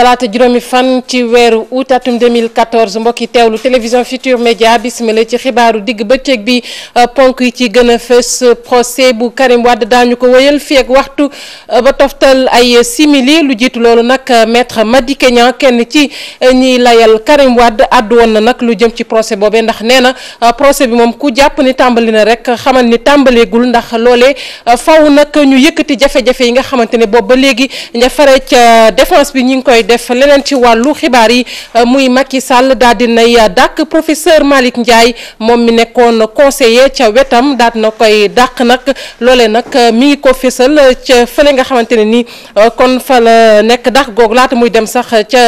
talaata juróomi fan ci weeru août atum 2014 mbokki teewlu télévision Futur Média bismillah ci xibaaru digg ba bëccëg bi euh, ponk yi ci gën a fës procès bu Karim Wade daañu ko wëyal fii waxtu euh, ba toftal ay simili lu jiitu loolu nag euh, metre Madické Niang kenn ci ñiy layal Karim Wade àddu woon na nag lu jëm ci procès boobee ndax nee na procès bi moom ku jàpp ni tàmbali na rek xamal ni tàmbaleegul ndax loole faw nag ñu yëkkati jafe-jafe yi nga xamante ne boobu ba léegi bi ñu def leneen ci wàllu xibaar yi euh, muy Macky Sall daal di nay euh, dàq professeur Malick Ndiaye moom mi nekkoon conseiller ca wetam daal na koy dàq nag loole nag euh, mi ngi ko fésal ca fële nga xamante ne ni kon fa la nekk dàq googu laata muy dem sax ca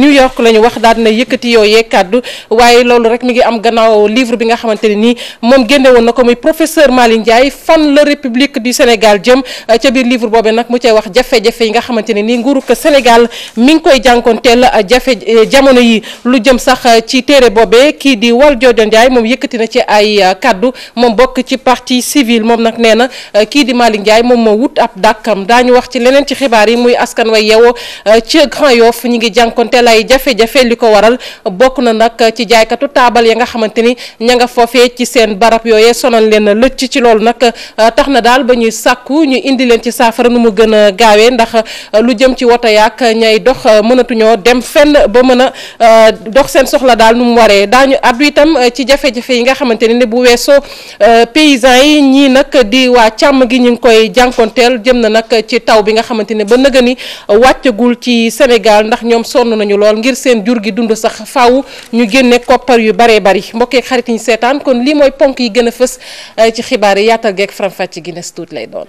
New York la ñu wax daal na yëkkati yooyee kàddu waaye loolu rek mi ngi am gannaaw livre bi nga xamante ne nii moom génne woon na ko muy professeur Malick Ndiaye fan la république du Sénégal jëm ca biir livre boobee nag mu cay wax jafe yi nga xamante ne nii nguuru Sénégal koy jànkonteel euh, jafe euh, jamono yi lu jëm sax euh, ci téere boobee kii di Wal Joojo njaay moom yëkkati na ci ay kaddu moom bokk ci partie civile moom nag nee na kii di Malick Ndiaye moom moo wut ab dàkkam daañu wax ci leneen ci xibaar yi muy askan way yeewoo ci Grand Yoff ñu ngi jànkonteel ay jafe-jafe li ko waral bokk na nag ci jaaykatu taabal ya nga xamante ni ña nga foofee ci seen barab yooyee sonal leen lëcc ci loolu nag daal ba ñuy sàkku ñu indi leen ci saafara nu mu gën a gaawee ndax lu jëm ci woto yaak ñay dox sax euh, mënatuñoo dem fenn ba mën a euh, dox seen soxla daal nu mu waree daañu addu itam euh, ci jafe-jafe yi nga xamante ne bu weesoo paysans yi ñii nag di waa càmm gi ñu ngi koy jànkonteel jëm na nag ci taw bi nga xamante ne ba nëga ni wàccagul ci Sénégal ndax ñoom sonn nañu lool ngir seen jur gi dund sax faaw ñu génne koppar yu baree bari mbokk ak xarit ñu seetaan kon lii mooy ponk yi gën a fës ci xibaar yi yaatal geeg faram-fàcce gi nes tuuti lay doon.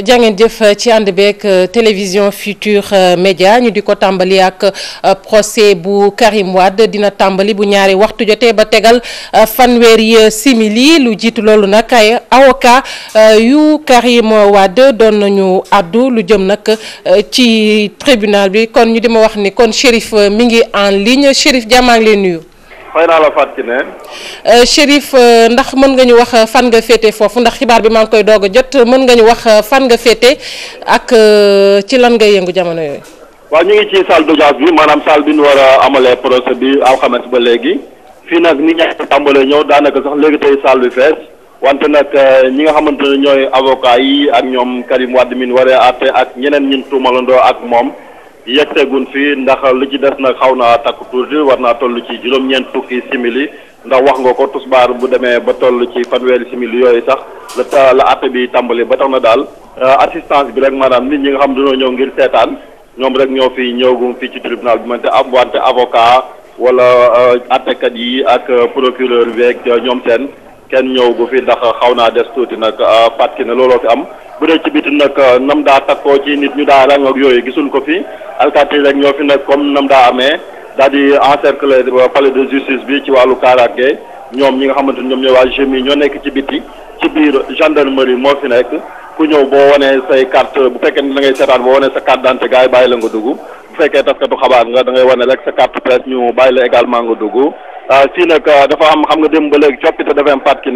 jàngeen jëf euh, ci ànd beeg euh, télévision Futurs euh, Médias ñu di ko tàmbali ak procès bu Karim Wade dina tàmbali bu ñaari waxtu jotee ba tegal fanweeri simili lu jiitu loolu nag ay avocat yu Karim Wade doon nañu àddu lu jëm nag ci tribunal bi kon ñu dima wax ni kon Chérif mi ngi en ligne Chérif Dia ngi lay nuyu. fay naa la Fatou euh, Kiné Chérif euh, ndax mën nga ñu wax euh, fan nga féete foofu ndax xibaar bi maa ngi koy doog jot mën nga ñu wax fan nga féete ak ci lan nga yëngu jamono yooyu. waaw ñu ngi ci salle d'audience bi maanaam salle bi ñu war a amale procès bi alxames ba léegi fii nag ni ñaa tàmbalee ñëw daanaka sax léegi tey salle bi fees wante nag ñi nga xamante ne ñooy avocat yi ak ñoom Karim Wade min waree àtte ak ñeneen ñun tuumalandoo ak moom. yegseegun fi ndax li ci des nag xaw naa takku tuuti war naa toll ci juróom-ñeent fukki simili ndax wax nga ko tusbaar bu demee ba toll ci fanweeri simili yooyu sax la ta la àtte bi tàmbali ba tax na daal euh, assistance bi rek maanaam nit ñi nga xam dañoo ñëw ngir seetaan ñoom rek ñoo fi ñëwagum fii ci tribunal bi mante am wante avocat wala àttekat euh, yi ak euh, procureur beeg ñoom seen kenn ñëw gu fi ndax xaw naa des tuuti nag fàtki ne looloo fi am bu dee ci biti nag euh, nam daa takkoo ci nit ñu daa rang ak yooyu gisuñ ko fi alkaati rek ñoo fi nag comme nam daa amee daal di encercler euh, palais de justice bi ci wàllu kaaraange ñoom ñi nga xamante ni ñoom ñooy waa GMI ñoo nekk ci biti ci biir gendarmerie moo fi nekk ku ñëw boo wanee say carte bu fekkee ne da ngay seetaan boo wanee sa carte d'identité gars yi bàyyi la nga dugg bu fekkee taskatu xabaar nga da ngay wane rek sa carte presse ñu bàyyi la également nga dugg euh, fii nag dafa am xam nga démb ba léegi coppite dafa am pàcc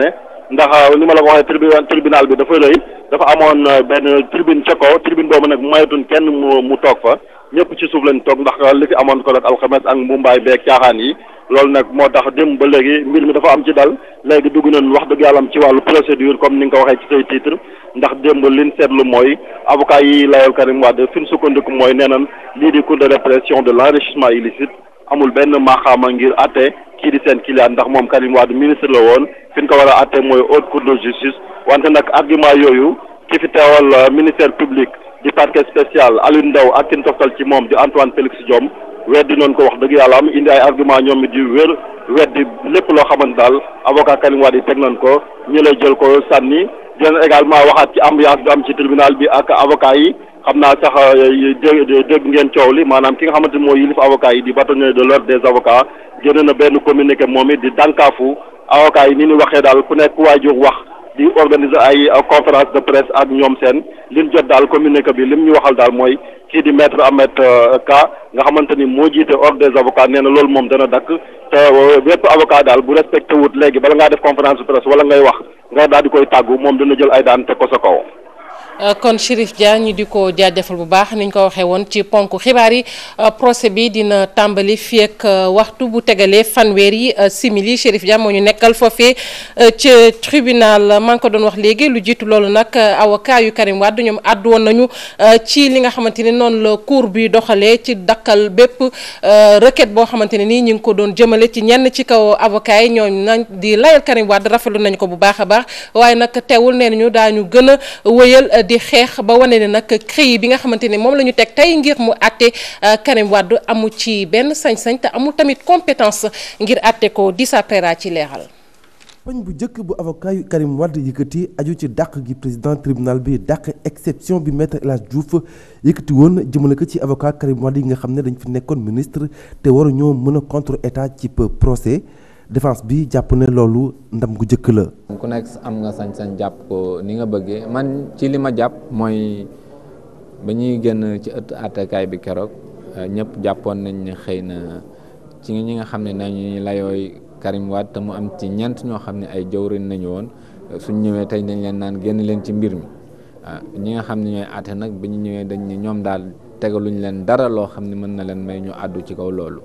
ndax uh, ni ma la ko waxee tribunal tribunal bi dafa rëy dafa amoon uh, benn tribune ca kaw tribune boobu nag mayatuñ kenn mu mu toog fa ñëpp ci suuf lañ toog ndax uh, li fi amoon ko nag alxames ak mumbaay beeg caaxaan yi loolu nag moo tax démb ba léegi mbir mi dafa am ci dal léegi dugg nañ wax dëgg yàlla ci wàllu procédure comme ni nga ko waxee ci say titre ndax démb liñ seetlu mooy avocat yi layal Karim Wade fi ñu sukkandiku mooy nee nañ lii di cour de amul benn a ngir atte kii di seen client ndax moom Karim Wade ministre la woon fi ñu ko war a atte mooy haute cour de justice wante nag argument yooyu ki fi teewal euh, ministère public di parquet spécial Alioune Ndao ak kin toftal ci moom di Antoine Félix Diome di noonu ko wax dëgg yàlla am indi ay argument ñoom it yu wér weddi lépp loo xamante daal avocat Karim Wade yi teg nañ ko ñu lay jël ko sànni dinañ également waxaat ci ambiance bi am ci tribunal bi ak avocat yi xam naa sax euh, dégg ngeen coow li maanaam ki nga xamante ni mooy yilif avocats yi di bâtonnier de l'ordre des avocats génne na benn communiqué moom it di dànkaafu avocats yi ni ñu waxee daal ku nekk waay jóg wax di organiser ay euh, conférence de presse ak ñoom seen liñ jot daal communiqué bi li mu ñu waxal daal mooy kii di maître Ahmed euh, Ka nga xamante ni moo jiite ordre des avocats nee na loolu moom dana dakk te bépp avocat daal bu respecté wut léegi bala ngaa def conférence de wala ngay wax nga daal di koy tàggu moom dina jël ay daan ko sa kaw. Euh, kon Chérif Dia ñu di ko jaajëfal bu baax ni ñu ko waxee woon ci ponk xibaar yi euh, procès bi dina tàmbali fii euh, waxtu bu tegalee fanweer yi simili Chérif Dia moo ñu nekkal foofee ci tribunal maa ngi ko doon wax léegi lu jiitu loolu nag avocat yu Karim Wade ñoom àddu woon nañu ci li nga xamante ni noonu la cour bi doxalee ci dakkal bépp requête boo xamante ne nii ñu ngi ko doon jëmale ci ñenn ci kaw avocat yi ñooñu nañ di layal Karim Wade rafetlu nañ ko bu baax a baax di xeex ba wane ne nag CREI bi nga xamante ne moom la ñu teg tey ngir mu àtte euh, Karim amul ci benn sañ-sañ te amul tamit compétence ngir àtte ko di sa ci leeral. poñ bu njëkk bu avocat yu Karim Wade yëkkati aju ci dàq gi président tribunal bi dàq exception bi maître El Hadj Diouf yëkkati woon jëmale ko ci avocat Karim Wade yi nga xam ne dañ fi nekkoon ministre te waru ñoo mën a contre état ci procès. défense bi jàpp ne loolu ndam gu njëkk la. ku nekk am nga sañ-sañ jàpp ko ni nga bëggee man ci li ma jàpp mooy ba ñuy génn ci ëtt àttekaay bi keroog euh, ñëpp jàppoon nañ ne xëy na ci ñi nga xam ne nañu layooy Karim Wade te mu am ci ñeent ñoo xam ne ay jëwriñ nañu woon suñ ñëwee tey dañ leen naan génn leen ci mbir mi ah, ñi nga xam ne ñooy àtte nag bi ñu ñëwee dañ ñoom daal tegaluñ leen dara loo xam ne mën na leen may ñu àddu ci kaw loolu.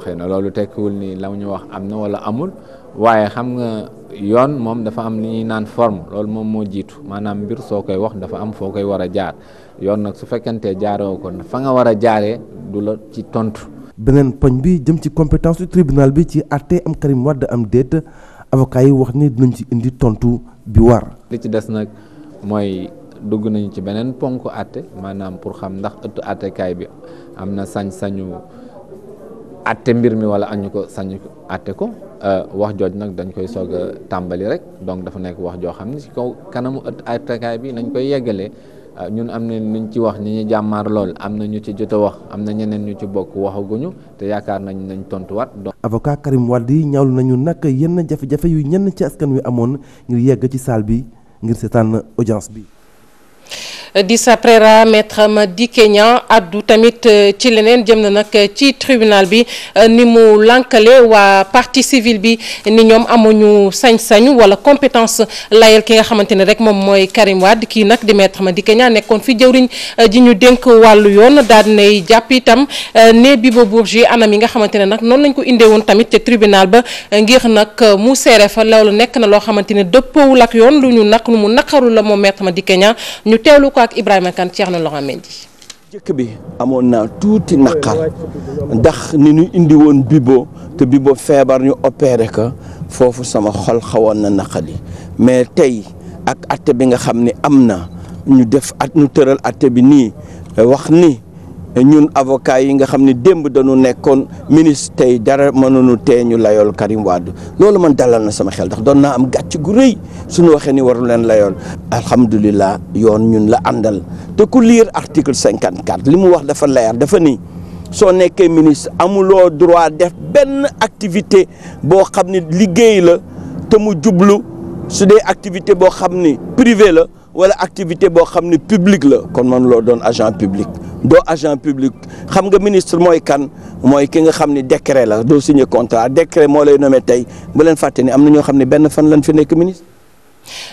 xëy na loolu tekkiwul nii la ñu wax am na wala amul waaye xam nga yoon moom dafa am li naan forme loolu moom moo jiitu maanaam mbir soo koy wax dafa am foo koy war a jaar yoon nag su fekkentee jaaroo ko fa nga war a jaaree du la ci tontu. beneen poñ bi jëm ci competence du tribunal bi ci àtte am Karim Wade am déet avocat yi wax ni dinañ ci indi tontu bi war. li ci des nag mooy dugg nañu ci beneen ponk àtte maanaam pour xam ndax ëttu àttekaay bi am na sañ-sañu. atte mbir mi wala añu ko sañu atte ko euh, wax jooj nag dañ koy soog a tàmbali rek donc dafa nekk wax joo xam ne ci kaw kanamu attekaay bi nañ koy yeggalee euh, ñun am na nuñ ci wax ni ñu jàmmaar lool am na ñu ci jot a wax am na ñeneen ñu ci bokk waxaguñu te yaakaar nañ nañ tontuwaat donc avocat Karim Wade yi ñaawlu nañu nag yenn jafe-jafe yu ñenn ci askan wi amoon ngir yegg ci saal bi ngir seetaan audience bi di sa prera maître Madické Niang addu tamit euh, ci leneen jëm na nag euh, ci tribunal bi euh, ni mu lankale waa parti civile bi ni ñoom amuñu sañ-sañ wala compétence layel ki nga xamante ne rek moom mooy Karim Wade kii nag di ma di Niang nekkoon fi jëwriñ ji ñu dénk wàllu yoon daal dinay jàpp itam ne Bibo Bourgi anam yi nga xamante ne nag noonu lañ ko indee woon tamit ca tribunal ba ngir nag mu seere fa loolu nekk na loo xamante ne dëppoowul ak yoon lu ñu nag mu naqaru la moom maître Madické ko ak Ibrahima Kane Thierno Laurent Mendy. jëkk bi amoon naa tuuti naqar ndax ni ñu indi woon bibo te bibo feebar ñu opéré ko foofu sama xol xawoon na naqari mais tey ak atte bi nga xam ni am na ñu def at ñu tëral atte bi nii wax ni ñun avocat yi nga xam ne démb dañu nekkoon ministre tey dara mënuñu tee ñu layool Karim Wade loolu man dalal na sama xel ndax doon naa am gàcc gu rëy suñu waxee ni waru leen layool alhamdulilah yoon ñun la àndal te ku liir article cinquante quatre li mu wax dafa leer dafa nii soo nekkee ministre amuloo droit def benn activité boo xam ne liggéey la te mu jublu su dee activité boo xam ni privé la wala activité boo xam ne publique la kon man loo doon agent public doo agent public xam nga ministre mooy kan mooy ki nga xam ni décret la doo signer contrat décret moo lay nommé tey bu leen fàtte ni am na ñoo xam ne benn fan lañ fi nekk ministre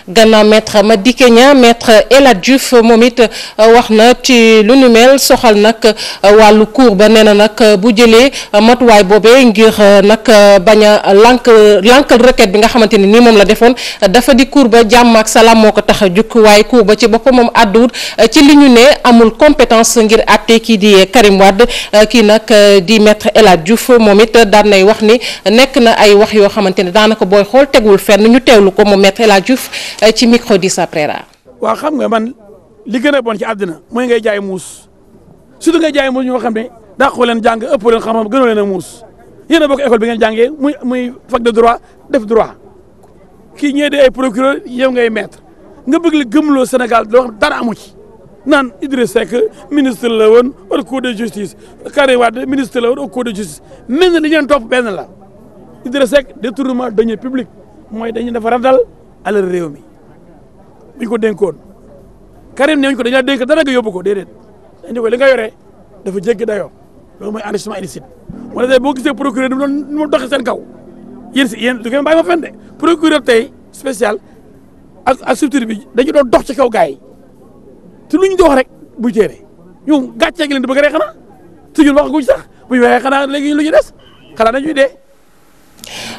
gannaaw maître Madické Niang maître El Hadj moom it euh, wax na ci lu nu mel soxal nag euh, wàllu kuur ba nee na nag euh, bu jëlee matuwaay boobee ngir nag bañ a lànk lànkal requête bi nga xamante ni nii moom la defoon dafa di kuur ba jàmm ak salaam moo ko tax a jukk waaye cour ba ci boppam moom àdduwut ci li ñu ne amul compétence ngir àtte kii di Karim Wade kii nag di maître El Hadj Diouf moom it daan nay wax ni nekk na ay wax yoo xamante ne daanaka booy xool tegul fenn ñu teewlu ko moom maître El Hadj Diouf euh, ci waaw xam nga man li gën a bon ci àddina mooy ngay jaay muus surtout ngay jaay muus ñu xam ne dàqoo leen jàng ëppoo leen xam-xam gënoo leen a muus yéen a bokk école bi ngeen jàngee muy muy fac de droit def droit kii ñee di ay procureur yow ngay metre nga bëgg la gëmloo Sénégal loo amu ci naan Idriss Seck ministre la woon au cour de justice Karim Wade ministre la woon au cour de justice mel na li ngeen topp benn la Idriss de détournement deniers publics mooy dañu dafa randal alal réew mi buñ ko dénkoon Karim ne ñu ko dañu la dénk dara nga yóbbu ko déedéet dañ ne ko li nga yore dafa jéggi dayoo loolu mooy enrichissement illicite wala tey boo gisee procureur dum doon mu doxee seen kaw yéen si yéen du ngeen bàyyi ma fen de procureur tey spécial ak ak structure bi dañu doon dox ci kaw gars yi te lu ñu dox rek bu jéere ñu gàccee gi leen di bëgg rek xanaa suñu sax bu ñu waxee xanaa léegi lu ñu des xanaa dañuy dee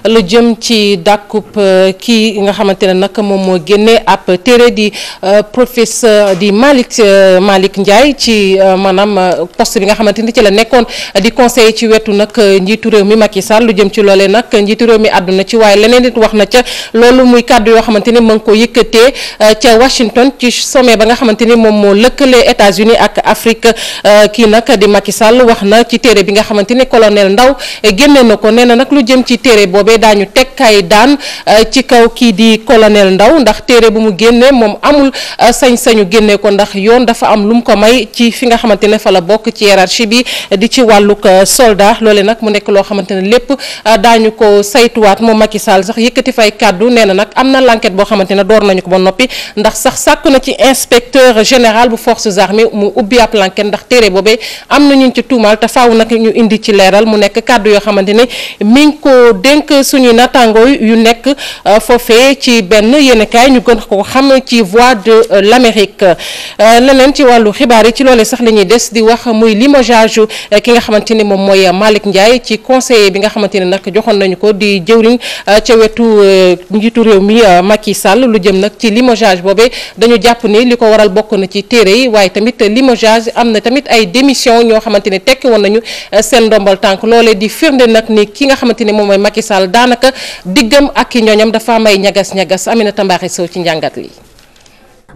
lu jëm ci dàkkub euh, kii nga xamante ne nag moom moo génne ab téere di euh, professeur di Malick euh, Malick Ndiaye ci maanaam poste bi nga xamante ni ci la nekkoon di conseiller ci wetu nag njiitu réew mi Macky Sall lu jëm ci loole nag njiitu réew mi àdduna ci waaye leneen it wax na ca loolu muy kàddu yoo xamante ni mu ngi ko yëkkatee ca Washington ci sommet ba nga xamante ni moom moo lëkkale États-Unis ak Afrique kii nag di Macky Sall wax na ci téere bi nga xamante ni colonel Ndaw téere boobee daañu tekkaay daan euh, ci kaw kii di colonel Ndaw ndax téere bu mu génnee moom amul euh, sañ-sañu génne ko ndax yoon dafa am lu mu ko may ci fi nga xamante ne fa la bokk ci hiérarchie bi euh, di ci wàllu soldat loole nag mu nekk loo xamante ne lépp daañu ko saytuwaat moom Macky Sall sax yëkkati fay kàddu nee na nag am na l'enquête boo xamante ne door nañu ko ba noppi ndax sax sàkk na ci inspecteur général bu forces armées mu ubbi ab l'enquête ndax téere boobee am na ñu ci leeral mu nekk yoo xamante dénk suñu natango yu nekk euh, foofee ci benn yéenekaay ñu gën ko xam ci voix de euh, l'Amérique euh, leneen ci wàllu xibaar yi ci loolee sax la ñuy des di wax muy limogeage ki nga xamante ni moom mooy Malick Ndiaye ci conseiller bi nga xamante ne nag joxoon nañu ko di jëwriñ ca wetu njiitu réew mi Macky Sall lu jëm nag ci limogeage boobee dañu jàpp ni li ko waral bokk na ci téere yi waaye tamit limogeage am na tamit ay démission ñoo xamante ne tekki woon nañu seen ndombal tànk loolee di firnde nag ni ki nga xamante moom mooy Macky Sall daanaka diggam ak i ñooñam dafa may ay ñagas ñagas Aminata Mbaye Sow ci njàngat li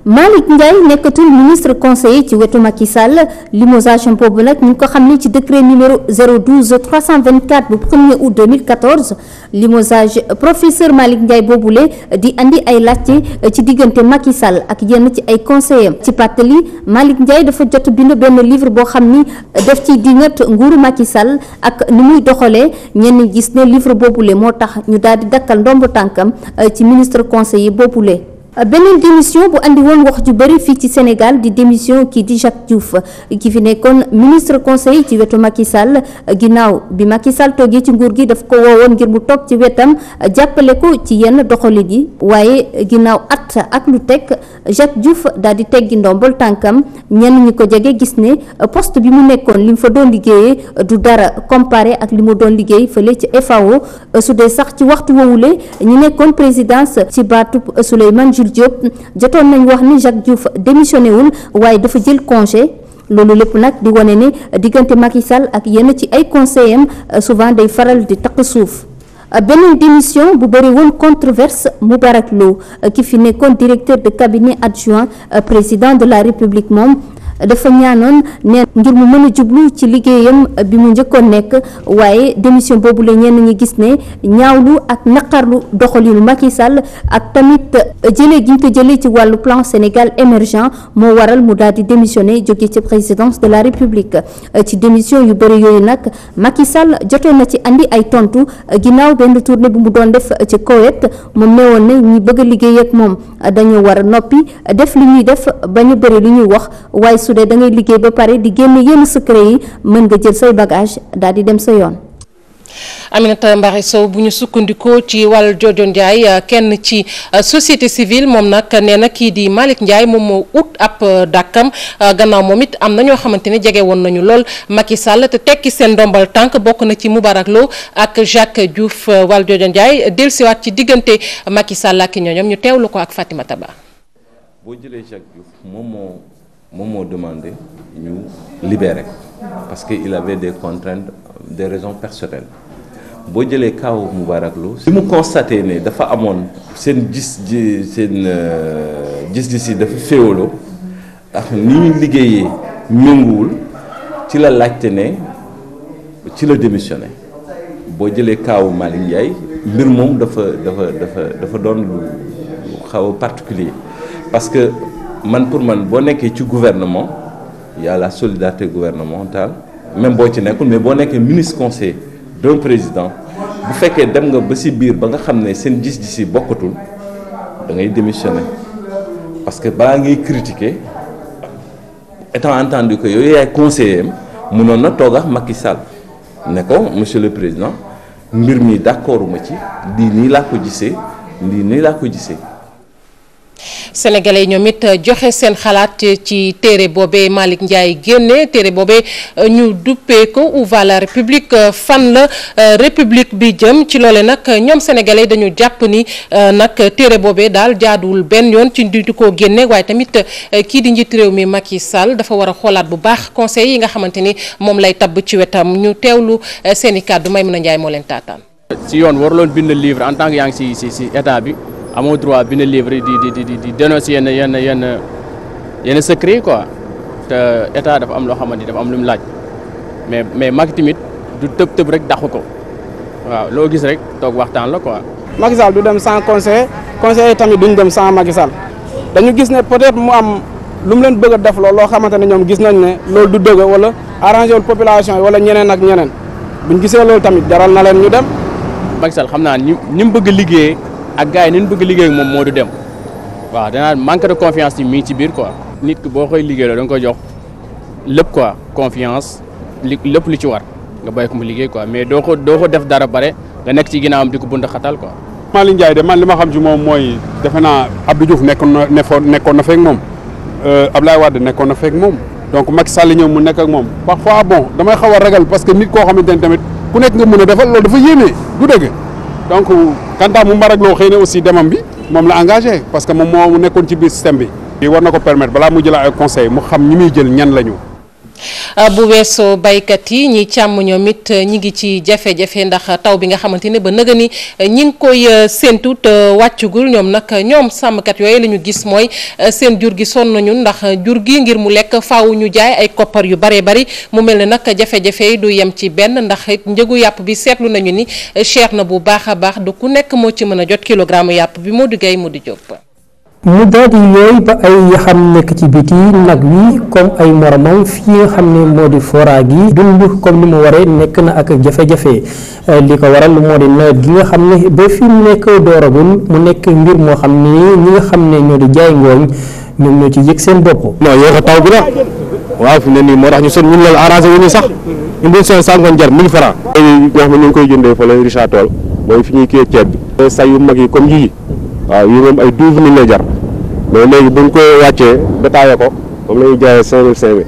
Malick Ndiaye nekkatul ministre conseiller ci wetu Macky Sall limogeage boobu nag ñu ko xam ne ci décret numéro 012 324 bu 1er août 2014 limogeage professeur Malick Ndiaye boobule di indi ay laajte ci diggante Macky Sall ak yenn ci ay conseillers ci pàttali Malick Ndiaye dafa jot bind benn livre boo xam ni def ci dingat nguuru Macky Sall ak ni muy doxalee ñenn gis ne livre boobule moo tax ñu daal di dakkal ndomb tànkam ci ministre conseil conseiller boobule. beneen démission bu indi woon wax ju bëri fii ci Sénégal di démission kii di Jacques Diouf ki fi nekkoon ministre conseil ci wetu Macky Sall ginnaaw bi Macky Sall toogee ci nguur gi daf ko woowoon ngir mu toog ci wetam jàppale ko ci yenn doxali yi waaye ginnaaw at ak lu teg Jacques Diouf daal di teggi ndombol tànkam ñenn ñi ko jege gis ne poste bi mu nekkoon li mu fa doon liggéeyee du dara comparé ak li mu doon liggéey fële ci FAO su dee sax ci waxtu woowule ñu nekkoon présidence ci baatub Souleymane Mansour Diop jotoon nañ wax ni Jacques Diouf démissionné wul waaye dafa jël congé loolu lépp nag di wane ni diggante Macky Sall ak yenn ci ay conseillers am euh, souvent day faral di takk suuf. Euh, beneen démission bu bëri woon controverse Moubarak Lo euh, ki fi nekkoon directeur de cabinet adjoint président de la République moom. dafa ñaanoon neen ngir mu mën a jublu ci liggéeyam bi mu njëkkoon nekk waaye démission boobu la ñenn ñi gis ne ñaawlu ak naqarlu doxalinu Macky Sall ak tamit jëlee gi ñu ko jëlee ci wàllu plan Sénégal émergent moo waral mu daal di démissionné jóge ci présidence de la République ci démission yu bëri yooyu nag Macky Sall jotoon na ci andi ay tontu ginnaaw benn tournée bu mu doon def ci Koweït moom newoon na ñi bëgg liggéey ak moom dañoo war a noppi def li ñuy def ba ñu bëri su dee da ngay liggéey ba pare di génn yenn secret yi mën nga jël say bagage daal di dem sa yoon. Aminata Mbaye Sow bu ñu sukkandikoo ci wàllu joojo Ndiaye euh, kenn ci euh, société civile moom nag nee nag kii di Malick Ndiaye moom moo ut ab euh, dàkkam gannaaw moom it am na ñoo xamante ne jege woon nañu lool Macky Sall te tekki seen ndombal tànk bokk na ci Moubarak Lo ak Jacques jouf wàllu joojo Ndiaye dellusiwaat ci diggante Macky Sall ak ñooñam ñu teewlu ko ak Fatimata Ba. boo moom moo demandé ñu libéré ko parce que il avait des contraintes des raisons personnelles boo jëlee kaaw Moubarak Lo si mu constaté ne dafa amoon seen gis ji seen euh, gis-gis yi dafa féewaloo ndax ni liggéeyee ménguwul ci la laajte ne ci la démissionné boo jëlee kaaw Malick Ndiaye mbir moom dafa dafa dafa dafa doon lu xaw particulier parce que man pour man boo nekkee ci gouvernement y a la solidarité gouvernementale même boo ci nekkul mais boo nekkee ministre conseil d'un président bu fekkee dem nga ba si biir ba nga xam ne seen gis-gis yi bokkatul da ngay démissionner parce que balaa ngay critiquer étant entendu que yooyu yaay conseiller am mënoon na toog ak Macky Sall ne ko monsieur le président mbir mi d'accord ma ci lii nii laa ko gisee lii nii laa ko gisee. sénégalais yi ñoom it euh, joxe seen xalaat ci téere boobe Malick Ndiaye génne téere boobe euh, ñu duppee ko où va la république euh, fan la république bi jëm ci loole nag ñoom sénégalais dañu jàpp ni nag téere boobe daal jaaduwul benn yoon ci di ko génne waaye tamit kii di njiit réew mi yi Sall dafa war a xoolaat bu baax conseil yi nga xamante ni moom lay tabb ci wetam ñu teewlu seeni kàddu Maymuna Ndiaye moo leen taataan. si yoon waruloon bind livre en tant que amoo droit bi na livre di di di di dénoncer yenn yenn yenn yenn secret quoi te état dafa am loo xamante ni dafa am lu mu laaj mais mais Macky du tëb tëb rek dàqu ko waaw loo gis rek toog waxtaan la quoi. Macky Sall du dem sans conseil conseil tamit duñ dem sans Macky Sall dañu gis ne peut-être mu am lu mu leen bëgg def loolu loo xamante ne ñoom gis nañ ne loolu du dëgg wala arrangé wul population yi wala ñeneen ak ñeneen buñ gisee loolu tamit jaral na leen ñu dem. Macky Sall xam naa ni ni mu bëgg liggéey a gars yi nañ bëgg liggéey moom moo du dem waaw danaa manque de confiance yi mi ci biir ko nit ki boo koy liggéeyloo da nga koy jox lépp quoi confiance li lépp lu ci war nga bàyyi ko mu liggéey quoi mais doo ko doo ko def dara bare nga nekk ci ginnaawam di ko bunt xatal quoi. Malick Ndiaye de man li ma xam ci moom mooy defe naa Abdou Diouf nekkoon na nekkoon na feek moom euh, Abdoulaye Wade nekkoon na feek moom donc Macky Sall ñëw mu ak moom parfois bon damay xaw a ragal parce que nit koo xamante ne tamit ku nekk nga mën a defal loolu dafa yéeme du dëgg donc. kantaa mu Mbarak Lo xëy na aussi demam bi moom la engagé parce que moom moo nekkoon ci biir système bi. war na ko permettre balaa mu jël ay conseil mu xam ñi ñan lañu. Euh, bu weesoo baykat yi ñi càmm ñoom it euh, ñi ngi ci jafe-jafe ndax taw bi nga xamante ne ba nëga ni euh, ñi ngi koy séentu te wàccugul ñoom nag ñoom sàmmkat yooyu la ñu gis mooy seen jur gi sonn nañu ndax jur gi ngir mu lekk faaw ñu jaay ay koppar yu baree bari mu mel ne nag jafe-jafe yi du yem ci benn ndax njëgu yàpp bi seetlu nañu ni cher na bu baax a baax du ku nekk moo ci mën a jot kilogramme yàpp bi moo di mu di jóg mu daal di yooyu ba ay yaxam nekk ci biti nag wi comme ay moromam fi nga xam ne moo di forage yi dund comme ni mu waree nekk na ak jafe-jafe euh, li ko waral moo di nawet gi nga xam ne ba fi mu nekk dooragul mu nekk mbir moo xam ne nga xam ne ñoo di jaay ngooñ ñoom ñoo ci yëg seen bopp. non yéex a taw bi la waaw fi ne nii moo tax ñu sonn ñun loolu arrangé wu ñu sax ñun bu ñu sonn saa ngoon jar mille francs. yooyu xam ne ñu koy jëndee fële Richard Toll mooy fi ñuy kiiyee ceeb bi. say yu mag yi comme yii waaw yii moom ay douze mille lay jar. mais léegi bu ñu ko wàccee détaillé ko moom la ñuy jaayee cinq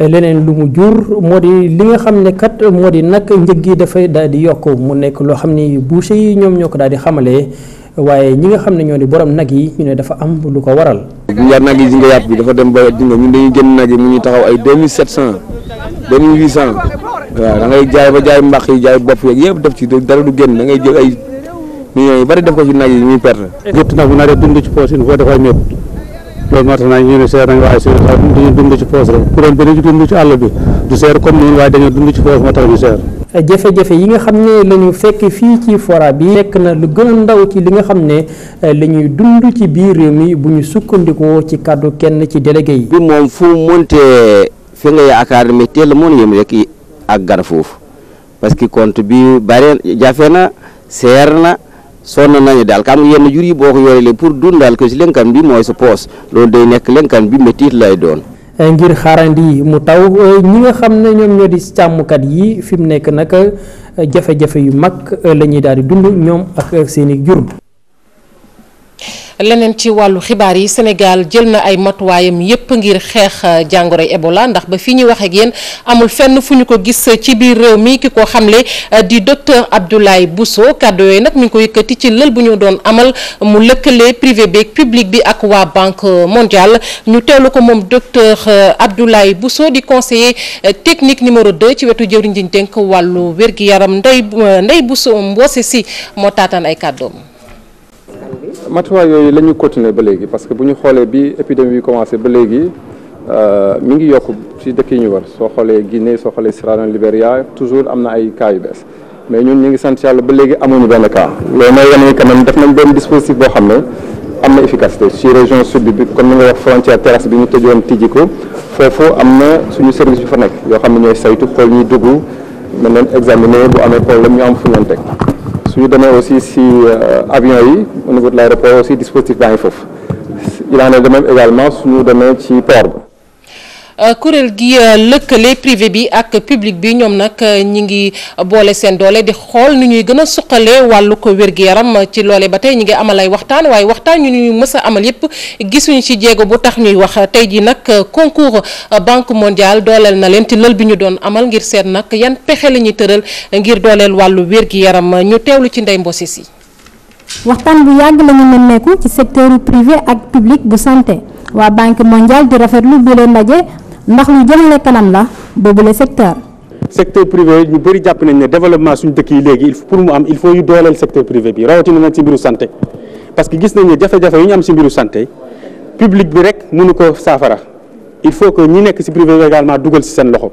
leneen lu mu jur moo di li nga xam ne kat moo di nag njëg yi dafay daal di yokk mu nekk loo xam ni boucher yi ñoom ñoo ko daal di xamalee waaye ñi nga xam ne ñoo di borom nag yi ñu ne dafa am lu ko waral. yaa nag yi si yàpp bi dafa dem ba dinga ñun dañuy génn nag yi mu ñuy taxaw ay deux mille sept cent deux mille huit cent da ngay jaay ba jaay mbaq yi jaay bopp yeeg yëpp def ci dara du génn da ngay jël ay. millions yu euh, bëri def ko ci naaj yi ñuy perte. gétt nag bu naree dund ci poos une fois dafay métti loolu moo tax nag ñu ne seer nañ waaye seer dañuy dund ci poos rek kuréel bi dañuy dund ci àll bi du seer comme noonu waaye dañoo dund ci poos moo tax ñu seer. jafe-jafe yi nga xam ne la fekk fii ci fora bi nekk na lu gën a ndaw ci li nga xam ne euh, la ñuy dund ci biir réew mi bu ñu sukkandikoo ci kàddu kenn ci délégué yi. bi moom fu montee fi nga yaakaar mi a mën yem rek ak gan foofu parce que compte bi bare jafe na na. sonn nañu daal xam nga yenn jur yi boo ko yoree pour dundal ko si lënkan bi mooy sa poos loolu day nekk lënkan bi métit lay doon. Eh, ngir xaarandi mu taw eh, ñi nga xam ne ñoom ñoo di càmmkat yi fi mu nekk nag eh, jafe-jafe yu mag lañuy ñuy daal di dund ñoom ak seen i jur. leneen ci wàllu xibaar yi Sénégal jël na ay matuwaayam yépp ngir xeex euh, jàngoro Ebola ndax ba fii ñu waxee ak yéen amul fenn fu ñu ko gis ci biir réew mi ki ko xamle euh, di docteur Abdoulaye Bousso kàddu yooyu nag mi ngi ko yëkkati ci lël bu ñu doon amal mu lëkkale privé beeg public bi ak waa banque mondiale ñu teewlu ko moom docteur euh, Abdoulaye Bousso di conseiller technique numéro 2 ci wetu jëwriñ ji ñu dénk wàllu wér-gi-yaram Ndeye Ndeye Bousso Mbossé si moo taataan ay kàddoom. matuwaay yooyu la ñu continuer ba léegi parce que bu ñu xoolee bi épidémie bi commencé ba léegi euh, mu ngi yokk ci dëkk yi ñu war soo xoolee Guinée soo xoolee Sierra Leone Libéria toujours am na ay cas bees mais ñun ñu ngi sant yàlla ba léegi amuñu benn cas loolu mooy wane ni quand même def nañ benn dispositif boo xam ne am na efficacité ci région sud bi comme ni nga wax frontière terrasse bi ñu tëjoon tijji ko foofu am na suñu service bi fa nekk yoo xam ne ñooy saytu xool ñuy dugg mën leen examiner bu amee problème ñu am fu leen teg suñu demee aussi si euh, avion yi au niveau de l'aéroport aussi dispositif baa ngi foofu il en est de même également suñu demee ci port Euh, kuréel gi euh, lëkkale privé bi ak public bi ñoom nag euh, ñi ngi boole seen doole di xool nu ñuy gën a suqalee wàllu ko wér-gu-yaram ci loole ba tey ñi ngi amal ay waxtaan waaye waxtaan ñu ñuy mësa amal yépp gisuñu ci jéego bu tax ñuy wax tey ji nag concours banque mondiale dooleel na leen ci lël bi ñu doon amal ngir seet nag yan pexe la ñuy tëral ngir dooleel wàllu wér-gu-yaram ñu teewlu ci ndey mboosis yi waxtaan bu yàgg la ñu nemmeeku ci secteur privé ak public bu santé ndax lu jëmale kanam la boobule secteur. secteur privé ñu bëri jàpp nañ ne développement suñu dëkk yi léegi il faut pour mu am il faut yu dooleel secteur privé bi rawatina nag ci mbiru santé parce que gis nañ ne jafe-jafe yu ñu am ci mbiru santé public bi rek mënu ko saafara il faut que ñi nekk ci privé bi également dugal ci seen loxo.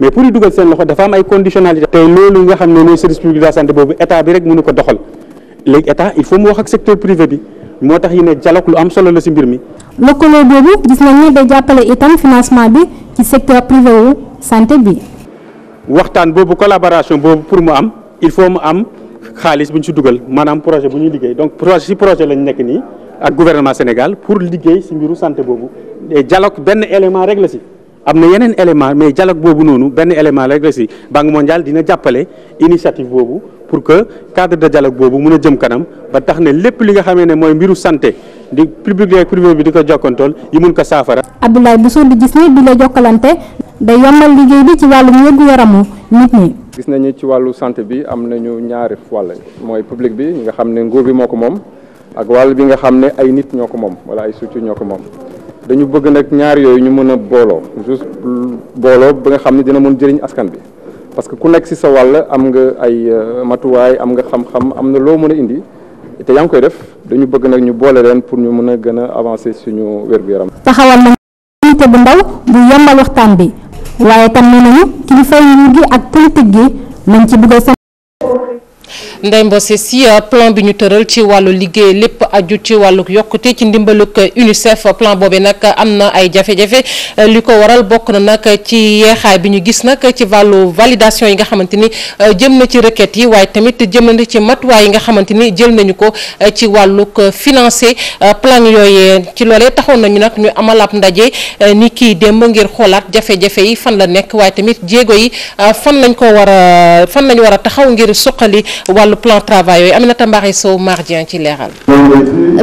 mais pour ñu dugal seen loxo dafa am ay conditionnalité tey loolu nga xam ne mooy service public de la santé boobu état rek mënu ko doxal léegi état il faut mu wax ak bi. moo tax yi ne dialogue lu am solo la ci mbir mi. lëkkaloo boobu gis nañ ne day jàppale itam financement bi ci secteur privé santé bi. waxtaan boobu collaboration boobu pour mu am il faut mu am xaalis bu ñu ci dugal maanaam projet bu ñuy liggéey donc projet ci projet lañ nekk nii ak gouvernement Sénégal pour liggéey ci mbiru santé boobu et dialogue benn élément rek la ci. am na yeneen élément mais dialogue boobu noonu benn élément la rek si Banque mondiale dina jàppale initiative boobu pour que cadre de dialogue boobu mun a jëm kanam ba tax ne lépp li nga xamee ne mooy mbiru santé di public ak privé bi di ko jokkantool yi mun ko saafara. Abdoulaye Bousso di gis ne bi la jokkalante day yombal liggéey bi ci wàllum yëngu yaramu nit ñi. gis nañu ci wàllu santé bi am nañu ñaari wàll mooy public bi nga xam ne nguur bi moo ko moom ak wàll bi nga xam ne ay nit ñoo ko moom wala ay ñoo ko moom. dañu bëgg nag ñaar yooyu ñu mën a booloo juste booloo ba nga xam ne dina mën jëriñ askan bi parce que ku nekk ci sa wàll am nga ay euh, matuwaay am nga xam-xam am na loo mën a indi te yaa ngi koy def dañu bëgg nag ñu boole leen pour ñu mën a gën a avancer suñu wér yaram taxawal na unité bu ndaw bu yombal waxtaan bi waaye tam ne nañu kilifa yi gi ak politique gi nañ ci dugal seen. Ndeye Mbose si euh, plan bi ñu tëral ci wàllu liggéey lépp aju ci wàllu yokkute ci ndimbaluk UNICEF plan boobee nag am na ay jafe-jafe euh, li ko waral bokk na nag ci yeexaay bi ñu gis nag ci wàllu validation yi nga xamante ni euh, jëm na ci requêtes yi waaye tamit jëm na ci matuwaay yi nga xamante ni jël nañu ko ci wàllug financé plan yooyee ci loolee taxoon nañu nag ñu amal ab ndaje ni kiy démb ngir xoolaat jafe-jafe yi fan la nekk waaye tamit jéego yi fan lañ ko war a fan lañ war a taxaw ngir suqali wàllu wàllu plan travail yooyu Aminata Mbaye Sow Mardien ci leeral.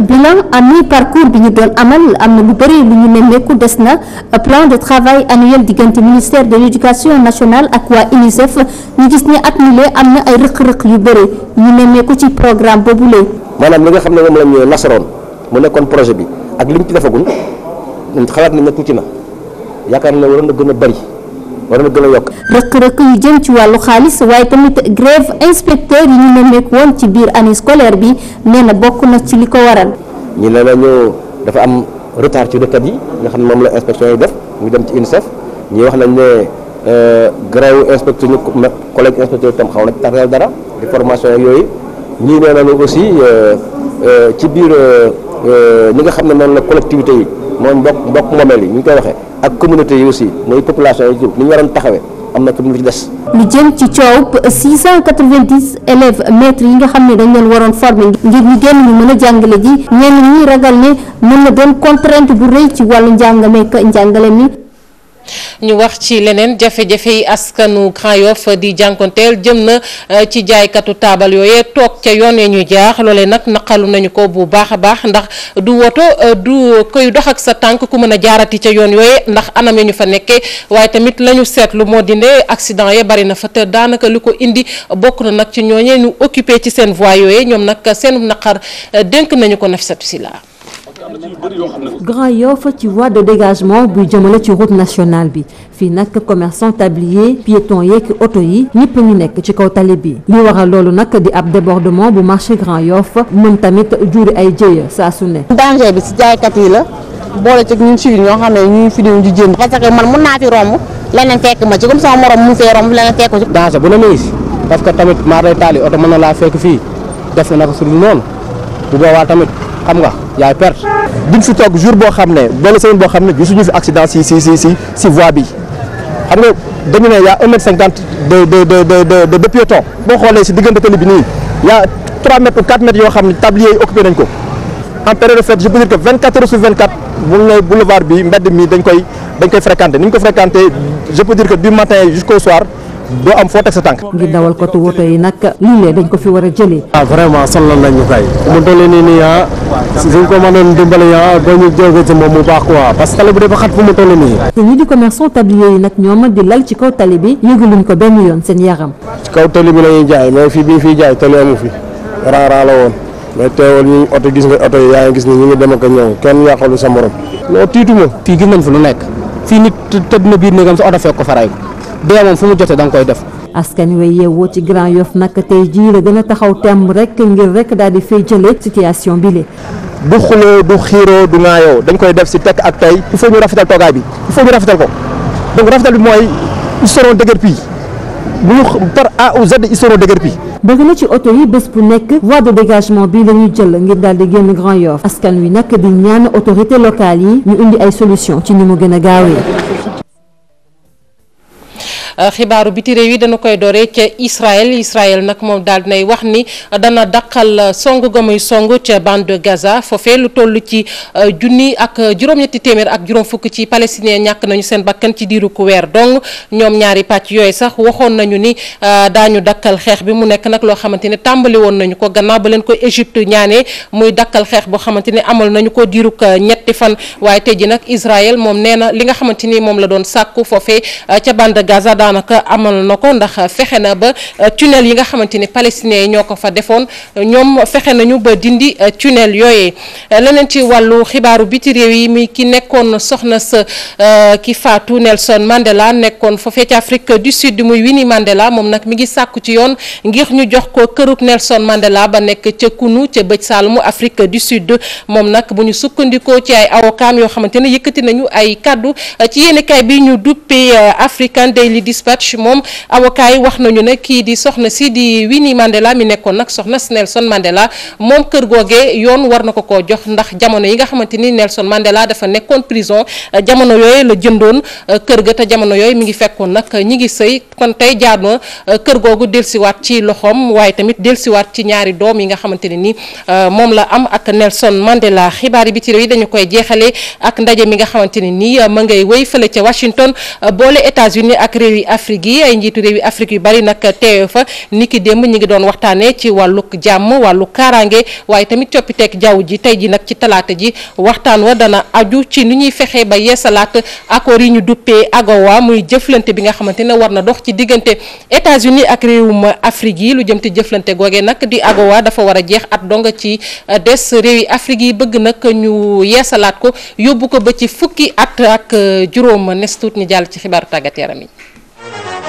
bilan am mi-parcours bi ñu doon amal am na lu bëri lu ñu nemmeeku des na plan de travail annuel diggante ministère de l'éducation nationale ak waa UNICEF ñu gis ne at mi am na ay rëq-rëq yu bëri ñu nekku ci programme boobu lee. maanaam li nga xam ne moom la ñu nasaroon mu kon projet bi ak li ñu ci defagul xalaat na ne tuuti na yaakaar na waroon na gën a bëri. war na gën a yokk rëq-rëq yu jëm ci wàllu xaalis waaye tamit grève inspecteur yi ñu nemmeek woon ci biir année scolaire bi nee na bokk na ci li ko waral ñu ne nañu dafa am retard ci requêtes yi nga xam ne moom la inspection yi def ñu dem ci UNICEF ñi wax nañ ne euh, grève inspecteur ñu collègue inspecteur tam xaw na tardal dara di formation yooyu ñii nee nañu aussi euh, euh, ci biir ñi nga xam ne noonu la collectivité yi mooy mbokk mbokk moomeel yi ñu koy waxee ak communauté yi aussi mooy population yi jur ni ñu waroon taxawee am na lu ci des. lu jëm ci coow 690 élèves maîtres yi nga xam ne dañ leen waroon former ngir ñu génn ñu mën a jàngale ji ñenn ñi ragal ne mën na doon contrainte bu rëy ci wàllu njàngameek njàngale mi ñu wax ci leneen jafe-jafe yi askanu Grand yof di jànkonteel jëm na euh, ci jaaykatu taabal yooyee toog ca yoon yi ñu jaar loolee nag naqalu nañu ko bu baax a baax ndax du woto euh, du koy dox ak sa tànk ku mën a jaarati ca yoon yooyee ndax anam ya ñu fa nekkee waaye tamit la ñu seetlu moo dinde accident ya bari na fa te daanaka li ko indi bokk na nag ci ñooñee ñu occupé ci seen voie yooyee ñoom nag seen naqar euh, dénk nañu ko Nafissatou Sylla Grand Yoff ci voie de dégagement buy jëmale ci route nationale bi fii nag commerçant tablier piéton yeeg oto yi ñëpp ñu nekk ci kaw tali bi li waral loolu nag di ab débordement bu marché Grand Yoff moom tamit juri ay jëya saa su ne. danger bi si jaaykat yi la boole ci ñun civil ñoo xam ne ñu fi di jënd. parce que man mun naa fi romb leneen fekk ma ci comme sama morom mu fee romb leneen fekk ci. danger bu la may parce que tamit maa day taali oto mën laa fekk fii def na ko su dul noonu bu xam nga. yaay perte duñ fi toog jour boo xam ne boo xam ne gisuñu fi accident si si si si si voie bi xam nga dañu ne y' a 1 mètre 50 de de de de de boo xoolee si diggante tali bi nii y' a 3 mètres ou 4 mètres yoo xam ne tablier yi occupé nañ ko en période fête je peux dire que 24 heures sur 24 bu ne boulevard bi mbedd mi dañ koy dañ ni ñu ko fréquenté je peux dire que du matin jusqu'au soir. doo am foo teg sa tànk. ngir dawal ko tu woto yi nag lii lee dañ ko fi war a jëlee. ah vraiment sonal nañu kay. mu toll nii nii ah suñ ko mënoon dimbali ah doo ñu jóge moom mu baax quoi parce que tali bi dafa xat fu mu toll jaay mais fii bii fii jaay tali amu fi raaraa woon mais teewal ñu oto gis nga oto yi yaa ngi gis ni ñu ngi dem ak ñëw kenn yàqalu sa morom. non tiitu ma. gis nañ fi lu nekk fii nit tëdd na biir néegam sa oto fekk ko faray dee moom fu mu jotee danga koy def. askan wi yeewoo ci Grand Yoff nag tey jii la gën a taxaw temb rek ngir rek daal di fay jëlee situation bi le du xuloo du xiiroo du ŋaayoo dañ koy def si tek ak tey il faut ñu rafetal toogaay bi il faut ñu rafetal ko donc rafetal bi mooy ils seront bu ñu par A u Z ils seront déguerpis. bëgg na ci oto yi bés bu nekk voie de dégagement bii la ñuy jël ngir daal di génn Grand Yoff askan wi nag di ñaan autorité locale yi ñu indi ay solution ci ni gën a gaawee. xibaaru biti réew yi dana koy dooree ca Israël Israël nag moom daal dinay wax ni dana daqal song ga muy song ca bande de Gaza foofee lu toll ci euh, junni ak juróom-ñetti téeméer ak juróom fukk ci palestinien ñàkk nañu seen bakkan ci diiru ku weer dong ñoom ñaari pàcc yooyu sax waxoon nañu ni euh, daañu dakkal xeex bi mu nekk nag loo xamante ne tàmbali woon nañu ko gannaaw ba leen ko Égypte ñaanee muy dakkal xeex boo xamante ne amal nañu ko diiruk euh, ñetti fan waaye tey ji nag Israël moom nee na li nga xamante ni moom la doon sàkku foofee ca bande de daanaka amal na ko ndax fexe na ba euh, tunnel yi nga xamante ni palestiniens yi ñoo ko fa defoon ñoom fexe nañu ba dindi euh, tunnel yooyee euh, leneen ci wàllu xibaaru biti réew yi mi ki nekkoon soxna sa ki faatu Nelson Mandela nekkoon foofee ci Afrique du Sud muy Winnie Mandela moom nag mi ngi sàkku ci yoon ngir ñu jox ko këruk Nelson Mandela ba nekk ca Kunu ca bëj mu Afrique du Sud moom nag bu ñu sukkandikoo ci ay awokaam yoo xamante ne yëkkati nañu ay kaddu dispatch moom avocat yi wax nañu ne kii di soxna si di Winnie Mandela mi nekkoon nag soxna si Nelson Mandela moom kër googee yoon war na ko koo jox ndax jamono yi nga xamante ni Nelson Mandela dafa nekkoon prison euh, jamono euh, mi ngi fekkoon nag ñi ngi sëy kon tey jaar na euh, kër googu delsiwaat ci loxoom waaye tamit delsiwaat ci ñaari doom yi nga xamante ne ni moom la am ak Nelson Mandela xibaar yi biti réew yi dañu koy jeexalee ak ndaje mi nga xamante nii ma ngay wéy fële ca Washington boole États-Unis ak réew Afrique yi ay njiitu réewi Afrique yu bari nag teewe fa nit ki démb ñi ngi doon waxtaanee ci wàlluk jàmm wàllu kaaraange waaye tamit coppiteeg jaww ji tey ji nag ci talaata ji waxtaan wa dana aju ci ni ñuy fexe ba yeesalaat accord yi ñu duppee AGOA muy jëflante bi nga xamante ne war na dox ci diggante États-Unis ak réewum Afrique yi lu jëm ci jëflante googee nag di AGOA dafa war a jeex at dong ci des yi Afrique yi bëgg nag ñu yeesalaat ko yóbbu ko ba ci fukki at ak juróom nes tuut ñu jàll ci xibaaru tàggat yaram yi Thank you.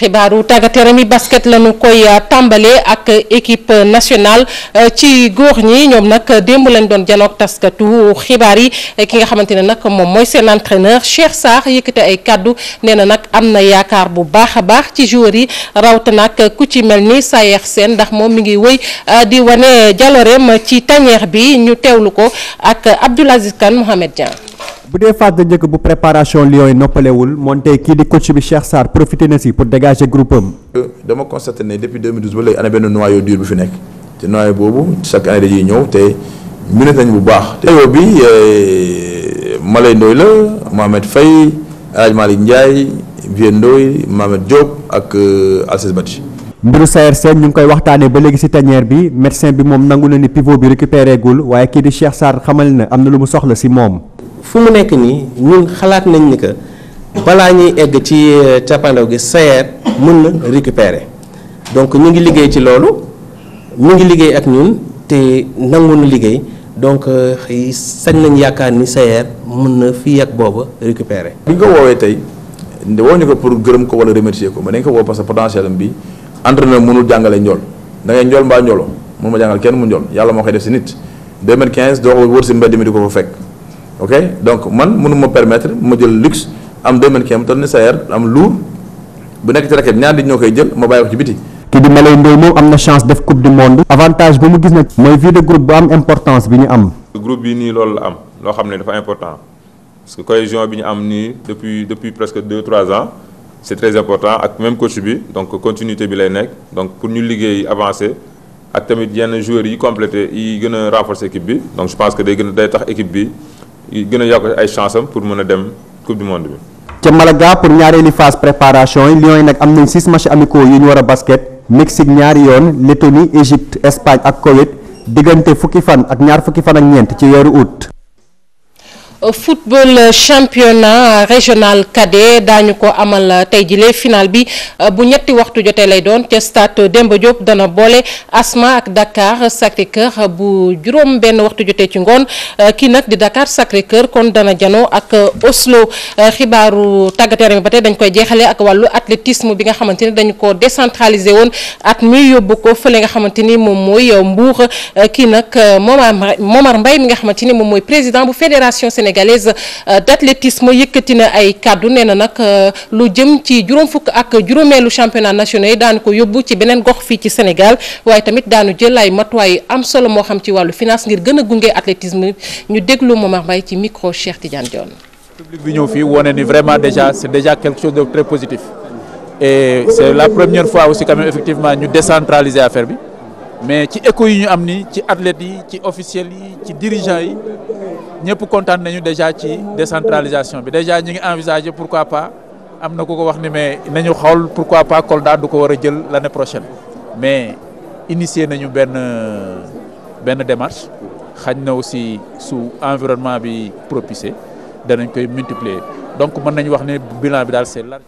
xibaaru tàggat yaram yi basket lañu koy euh, tàmbalee ak équipe nationale euh, ci góor ñi ñoom nag démb lañ doon janook taskatu xibaar yi ki nga xamante ne nag moom mooy seen entraîneur Cheikh Sarr yëkkate ay kàddu nee na nag am na yaakaar bu baax a baax ci joueur yi rawta nag ku ci mel ni Sayer seen ndax moom mi ngi woy euh, di wane jaloreem ci tañeex bi ñu teewlu ko ak Abdoul Aziz Kane Mohamed Dieng bu dee phase njëkk bu préparation Lions yi noppalewul moom tey kii di coach bi Cheikh Sarr profité na si pour dégager groupe am. Euh, dama constaté ne depuis 2012 ba léegi ana benn bu fi nekk te noyau boobu chaque année dañuy ñëw te minute nañ bu baax. te bi euh, Malay Ndoye la Mohamed fay El Hadj Malick Ndiaye Vieux Ndoye Mohamed Diop ak euh, Alcés Badji. mbiru Sayer Sène ñu ngi koy waxtaanee ba léegi ci tanière bi médecin bi moom nangu na ni pivot bi récupéré gul waaye kii di Cheikh Sarr xamal na am na lu mu soxla ci moom. fu mu nekk nii ñun xalaat nañ ni que balaa ñuy egg ci euh, cappaandaw gi SAER mën na récupérer donc ñu ngi liggéey ci loolu mu ngi liggéey ak ñun te nangu na liggéey donc euh, sañ nañ yaakaar ni SAER mën na fii ak booba récupérer. bi nga ko woowee tey woo ñu ko pour gërëm ko wala remercier ko mais dañ ko woo parce que potentiel am bi entraîneur mënul jàngale njool da ngay njool mbaa njooloo mun ma jàngal kenn mu njool yàlla moo koy def si nit 2015 doo ko wër si mbedd mi di ko fekk. ok donc man mënu ma permettre ma jël luxe am 2000 km sa SAER am lourd bu nekk ci raket ñaar nit ñoo koy jël ma bàyyi ko ci biti. kii di Malay Ndoye moom am na chance def coupe du monde. avantage bu mu gis nag. mooy vie de groupe bu am importance bi ñu am. groupe bi nii loolu la am loo xam ne dafa important parce que cohésion bi ñu am nii depuis depuis presque 2 3 ans c' est très important ak même coach bi donc continuité bi lay nekk donc pour ñu liggéey avancer. ak tamit yenn joueurs yi complété yi gën a renforcer équipe bi donc je pense que day gën a day tax équipe bi. gën a yokk ay chance am pour mën a dem coupe du monde bi. ca Malaga pour ñaareeli phase préparation yi Lions yi nag am nañ six matchs amicaux yi ñu war a basket Mexique ñaari yoon Lettonie Égypte Espagne ak Koweït diggante fukki fan ak ñaar fukki fan ak ñeent ci yoru août. football championnat régional cadet daañu ko amal tey jile final bi euh, bu ñetti waxtu jotee lay doon ca stade Demba Diop dana boole Asma ak Dakar Sacré-Cœur bu juróom benn waxtu jotee ci ngoon euh, kii nag di Dakar Sacré-Cœur kon dana janoo ak euh, Oslo xibaaru tàggat yaram ba tey dañ koy jeexale ak wàllu athlétisme bi nga xamante ni dañu ko décentralisé woon at mi yóbbu ko fële nga xamante ni moom mooy Mbour kii nag Momar Momar Mbaye mi nga xamante ni moom mooy président bu fédération sénégalaise euh, d'athlétisme yëkkati na ay kàddu nee na nag euh, lu jëm ci juróom fukk ak juróomeelu championnat national yi daanu ko yóbbu ci beneen gox fii ci Sénégal waaye tamit daanu jël ay matuwaay am solo moo xam ci wàllu finance ngir gën a gunge athlétisme ñu déglu Momar Mbaye ci micro Cheikh Tidiane ci public bi ñëw fii wone ni vraiment déjà c'est déjà quelque chose de très positif et c'est la première fois aussi quand effectivement ñu décentraliser affaire bi mais ci écho ci athlètes yi ci officiels yi yi ñëpp kontaan nañu déjà ci décentralisation bi déjà ñu ngi envisager pourquoi pas am na ko ko wax ni mais nañu xool pourquoi pas Kolda du ko war a jël l'année prochaine mais initier nañu benn benn démarche xaj na aussi su environnement bi propicé danañ koy multiplier donc mën nañu wax ne bilan bi daal c'est large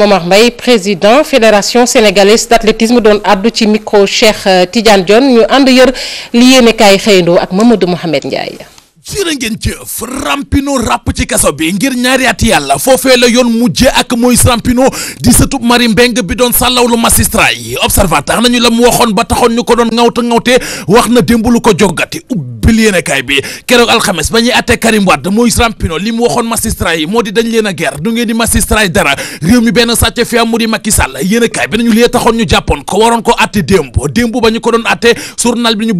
Momar mbay président fédération sénégalaise d'athlétisme doon àddu ci micro Cheikh euh, Tidiane Dione ñu ànd yër li yéene kaay xëyandoo ak Mamadou Mohamed Ndiaye. jërë ngeen jëf rampino ràpp ci kaso bi ngir ñaari at yàlla foofee la yoon mujje ak Moïse rampino di sëtub Marie Mbengue bi doon sàllawlu magistrat yi observateur nañu la mu waxoon ba taxoon ñu ko doon ŋawta ŋawte wax na démb lu ko jogati ubbil yéenekaay bi keroog alxames ba ñuy àtte Karim Wade Moïse rampino li mu waxoon magistrat yi moo di dañ leen a guerre du ngeen di magistrat dara réew mi benn sàcc fi am di Macky Sall yéenekaay bi na taxoon ñu jàppoon ko waroon ko àtte démb démb ba ñu ko doon àtte journal bi ñu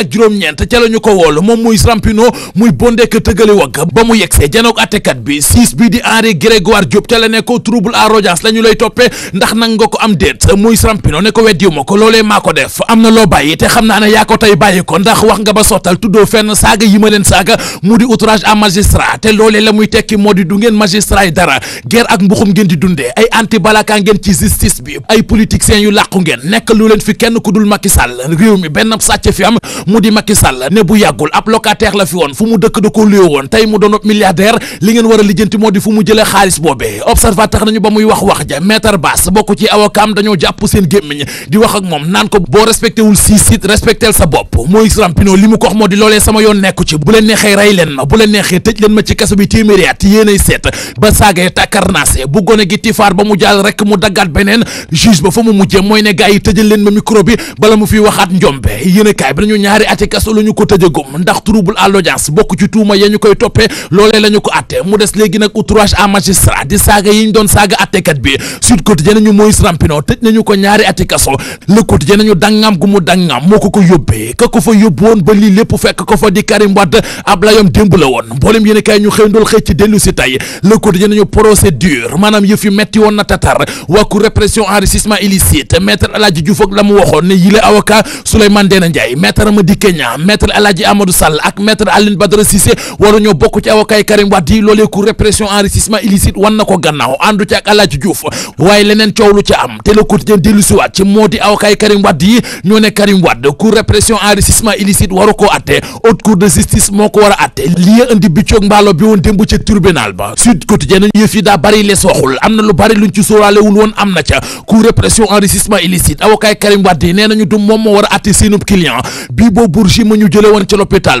ak juróom-ñeent ca la ñu ko woolu muy Rampino muy bondé ka tëgale wagg ba mu yegsee janoog àttekat bi siis bi di Henri Grégoire Diop ca la ne ko trouble à l'audience la ñu lay toppee ndax nag ko am déet muy Rampino ne ko ko loolee maa def am na loo bàyyi te xam naa ne yaa ko tey bàyyi ko ndax wax nga ba sottal tuddoo fenn saaga yi saaga mu di outrage à magistrat te loolee la muy tekki moo di du ngeen magistrat yi dara guerre ak mbuxum ngeen di dundee ay anti balaka ngeen ci justice bi ay politiciens yu làqu ngeen nekk lu leen fi kenn ku dul Macky Sall réew mi benn sàcc di Macky Sall ne locataire la fi woon fu mu dëkk da ko luye woon tey mu doon milliardaire li ngeen war a lijjanti moo di fu mu jëlee xaalis boobee observateur nañu ba muy wax wax ja maître Bass bokk ci awakaam dañoo jàpp seen gémmiñ di wax ak moom naan ko boo respecté wul sii sa bopp Moïse Rampino li mu ko wax moo di loolee sama yoon nekku ci bu leen neexee rey leen ma bu leen neexee tëj leen ma ci kaso bi téeméeri at yéenay seet ba saagay yi tëjal leen ma a trouble à l'audience bokk ci tuuma ya ñu koy toppee loolee la ko atte mu des léegi nag outrage à magistrat di saaga yi doon saaga attekat bi Sud Quotidien nañu Moïse Rampino tëj nañu ko ñaari ati kaso Le Quotidien nañu dangam gu mu dangam moo ko ko yóbbee ka ko fa yóbbu ba lii lépp fekk ko fa di Karim Wade ab layom démb la woon mboolem yéen ñu xëy ndol xëy ci dellu si tey Le Quotidien nañu procédure maanaam yëf yi metti woon Sall ak maître Alioune Badara Cissé waru ñoo bokk ci avocat Karim Wade yi loolee cour répression enrichissement illicite wan na ko gannaaw àndu ci ak Alaaji Diouf waaye leneen coow lu ci am te le quotidien dellu si waat ci moo di avocat Karim Wade yi ñoo ne Karim Wade cour répression enrichissement illicite waru koo atte haute cour de justice moo ko war a atte lii indi biccoog mbaalo bi woon démb ca tribunal ba Sud Quotidien yëf yi daa bari lees waxul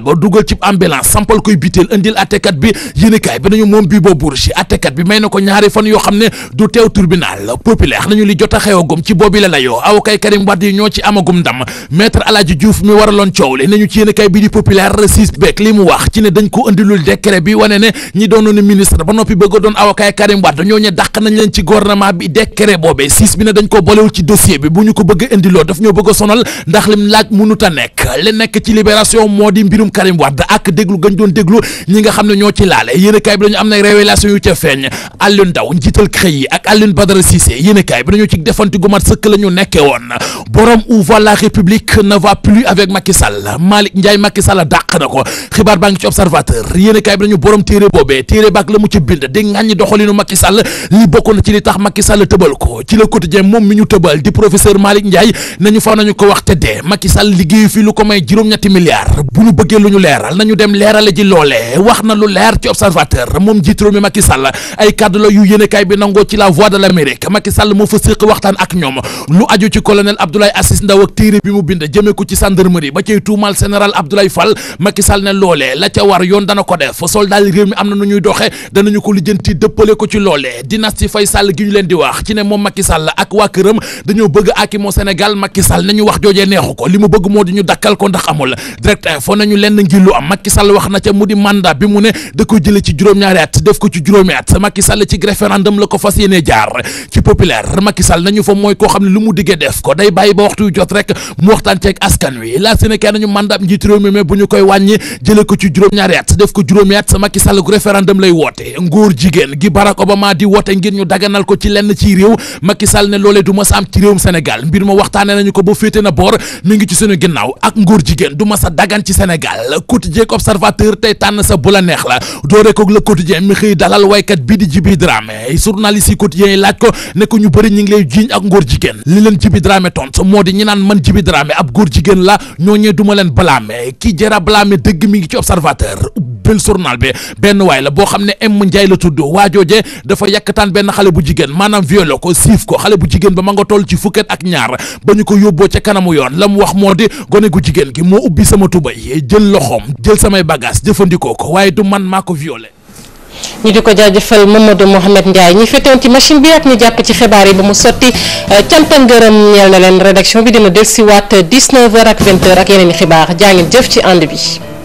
tribunal ba dugal ci ambulance sampal koy biteel indil attekat bi yéenekaay bi nañu moom bi boo bourgi bi may na ko ñaari fan yoo xam ne du teew tribunal populaire nañu li jot a xewagum ci boobi la la yoo awakay yi ñoo ci amagum ndam maître Alaaji Diouf mi waraloon coow li nañu ci yéenekaay bi di populaire resis beek li mu wax ci ne dañ ko indilul décret bi wane ne ñi doonoon ministre ba noppi bëgg doon awakay Karim Wade ñoo ñe mbirum Karim Wade ak déglu gañ doon déglu ñi nga xam ne ñoo ci laale yéen a kaay bi am nay révélation yu ca feeñ Alioune Ndaw njiital CREI ak Alioune Badara Cissé yéen a kaay bi ci defanti gu sëkk la nekkee woon borom ouvrage la république ne va plus avec Macky Sall Malick Ndiaye Macky dàq na ko xibaar baa ngi ci observateur yéen a kaay bi dañu téere boobee téere baak la mu ci bind di ŋàññi doxalinu Macky Sall li bokk na ci li tax Macky ko ci le quotidien moom mi ñu lu ñu leeral nañu dem leerale ji loolee wax na lu leer ci observateur moom njiit réew mi Macky ay kàddu la yu yéenekaay bi nangoo ci la voix de l'Amérique Macky Sall moo fa séq waxtaan ak ñoom lu aju ci colonel Abdoulaye Assis Ndaw ak téere bi mu bind jëmee ko ci gendarmerie ba cay tuumal général Abdoulaye Fall Macky Sall ne loolee la ca war yoon dana ko def soldat yi réew mi am na nu ñuy doxe danañu ko lijjanti dëppale ko ci loolee dynastie Faye Sall di wax ci ne moom Macky Sall ak waa këram dañoo bëgg aki moo Sénégal Macky Sall nañu li mu bëgg moo di ñu lenn ngir lu am Macky Sall wax na ca mu ko ci juróom-ñaari at def ko ci juróomi at Macky Sall ci référendum la ko fas yéene jaar mooy koo xam ne lu mu diggee def ko day bàyyi ba waxtu yu jot rek mu waxtaan ceeg askan wi la Sénégal nañu mandat njiit réew mi mais bu ñu koy wàññi jële ko ci juróom-ñaari at def ko juróomi at Macky Sall gu référendum lay woote ngóor jigéen gi Barack Obama di woote ngir ñu daganal ko ci lenn ci réew Macky Sall ne loolee du ma sa am ci réewum Sénégal mbir ma waxtaane nañu ko ba féete na boor mi ngi ci suñu ginnaaw ak ngóor jigéen du ma sa dagan ci Sénégal le quotidien ak observateur tey tànn sa bu la neex la doore ko le quotidien mi xëy dalal waykat bii di Djiby Dramé journaliste yi quotidien yi laaj ko ne ko ñu bëri ñu ngi lay jiiñ ak ngóor jigéen li leen Djiby Dramé tont moo di ñi naan man Djiby Dramé ab góor jigéen la ñooñee duma leen blâmer ki jëra blâmer dëgg mi ngi ci observateur bil journal bi benn waay la boo xam ne M Ndiaye la tudd waajoojee dafa yàkkataan benn xale bu jigéen maanaam violé ko siif ko xale bu jigéen ba ma nga toll ci fukket ak ñaar ba ñu ko yóbboo ca kanamu yoon la mu wax moo di gone gu jigéen gi moo ubbi sama tuba yi jël loxoom jël samay bagage jëfandikoo ko waaye du man maa ko violé ñu di ko jaajëfal Mamadou Mouhamed Ndiaye ñi féetewoon ci machine bi ak ñu jàpp ci xibaar yi ba mu sotti euh, cant ak ngërëm ñeel na leen rédaction bi dina dellusiwaat 19h ak 20h ak yeneen i xibaar jaa ngeen jëf ci ànd bi.